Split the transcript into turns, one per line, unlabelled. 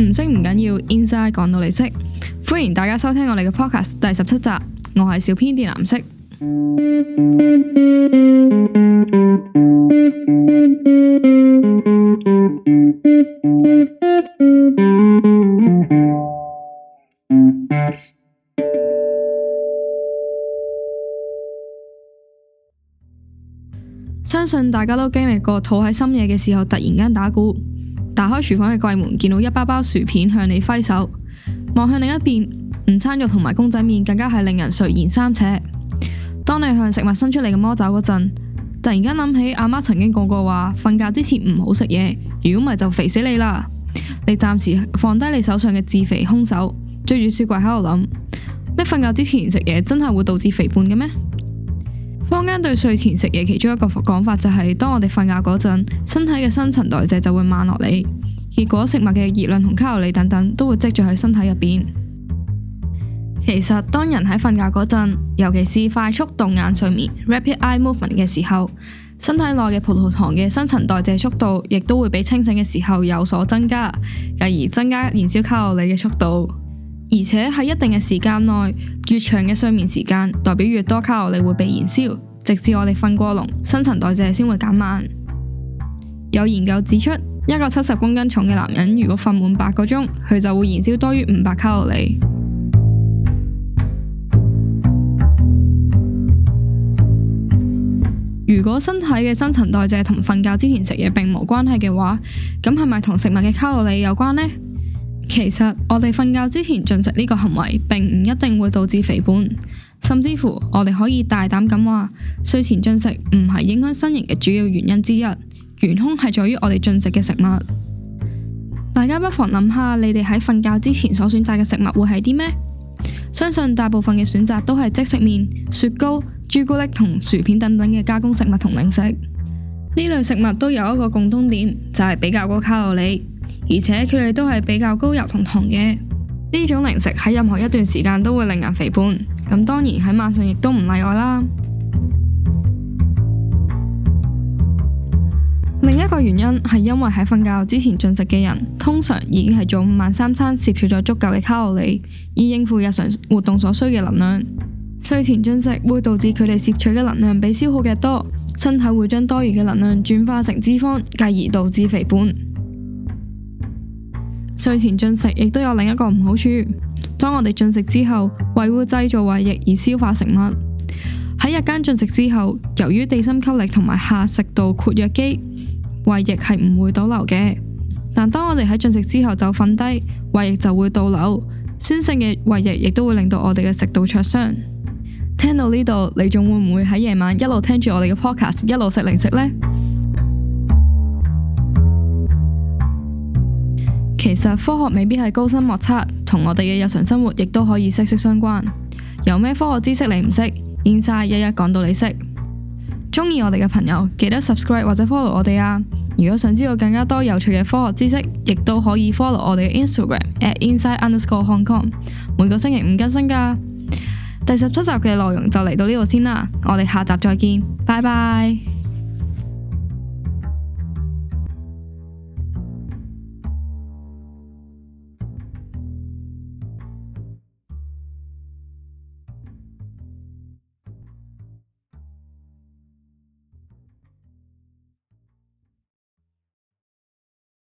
唔識唔緊要，Inside 講到你識。歡迎大家收聽我哋嘅 Podcast 第十七集，我係小編電藍色。 相信大家都經歷過，肚喺深夜嘅時候突然間打鼓。打開廚房嘅櫃門，見到一包包薯片向你揮手，望向另一邊，午餐肉同埋公仔麵更加係令人垂涎三尺。當你向食物伸出嚟嘅魔爪嗰陣，突然間諗起阿媽曾經講過話：瞓覺之前唔好食嘢，如果唔係就肥死你啦。你暫時放低你手上嘅自肥兇手，追住雪櫃喺度諗咩瞓覺之前食嘢真係會導致肥胖嘅咩？坊間對睡前食嘢其中一個講法就係，當我哋瞓覺嗰陣，身體嘅新陳代謝就會慢落嚟，結果食物嘅熱量同卡路里等等都會積聚喺身體入邊。其實當人喺瞓覺嗰陣，尤其是快速動眼睡眠 （rapid eye movement） 嘅時候，身體內嘅葡萄糖嘅新陳代謝速度，亦都會比清醒嘅時候有所增加，進而增加燃燒卡路里嘅速度。而且喺一定嘅時間內，越長嘅睡眠時間代表越多卡路里會被燃燒，直至我哋瞓過籠，新陳代謝先會減慢。有研究指出，一個七十公斤重嘅男人如果瞓滿八個鐘，佢就會燃燒多於五百卡路里。如果身體嘅新陳代謝同瞓覺之前食嘢並無關係嘅話，咁係咪同食物嘅卡路里有關呢？其實我哋瞓覺之前進食呢個行為，並唔一定會導致肥胖，甚至乎我哋可以大膽咁話，睡前進食唔係影響身形嘅主要原因之一。元兇係在於我哋進食嘅食物。大家不妨諗下，你哋喺瞓覺之前所選擇嘅食物會係啲咩？相信大部分嘅選擇都係即食麵、雪糕、朱古力同薯片等等嘅加工食物同零食。呢類食物都有一個共通點，就係比較高卡路里。而且佢哋都係比較高油同糖嘅，呢種零食，喺任何一段時間都會令人肥胖。咁當然喺晚上亦都唔例外啦。 另一個原因係因為喺瞓覺之前進食嘅人，通常已經係早午晚三餐攝取咗足夠嘅卡路里，以應付日常活動所需嘅能量。睡前進食會導致佢哋攝取嘅能量比消耗嘅多，身體會將多餘嘅能量轉化成脂肪，繼而導致肥胖。睡前進食亦都有另一個唔好處。當我哋進食之後，胃會製造胃液而消化食物。喺日間進食之後，由於地心吸力同埋下食道括約肌，胃液係唔會倒流嘅。但當我哋喺進食之後就瞓低，胃液就會倒流，酸性嘅胃液亦都會令到我哋嘅食道灼傷。聽到呢度，你仲會唔會喺夜晚一路聽住我哋嘅 podcast，一路食零食呢？其實科學未必係高深莫測，同我哋嘅日常生活亦都可以息息相關。有咩科學知識你唔識？Inside 一一講到你識。中意我哋嘅朋友記得 subscribe 或者 follow 我哋啊！如果想知道更加多有趣嘅科學知識，亦都可以 follow 我哋嘅 Instagram at inside_underground_hongkong，每個星期五更新噶。第十七集嘅內容就嚟到呢度先啦，我哋下集再見，拜拜。